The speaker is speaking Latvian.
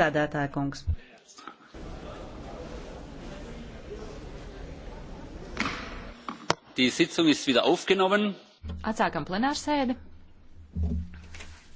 Priekšsēdētāja kungs. Atsākam plenārsēdi.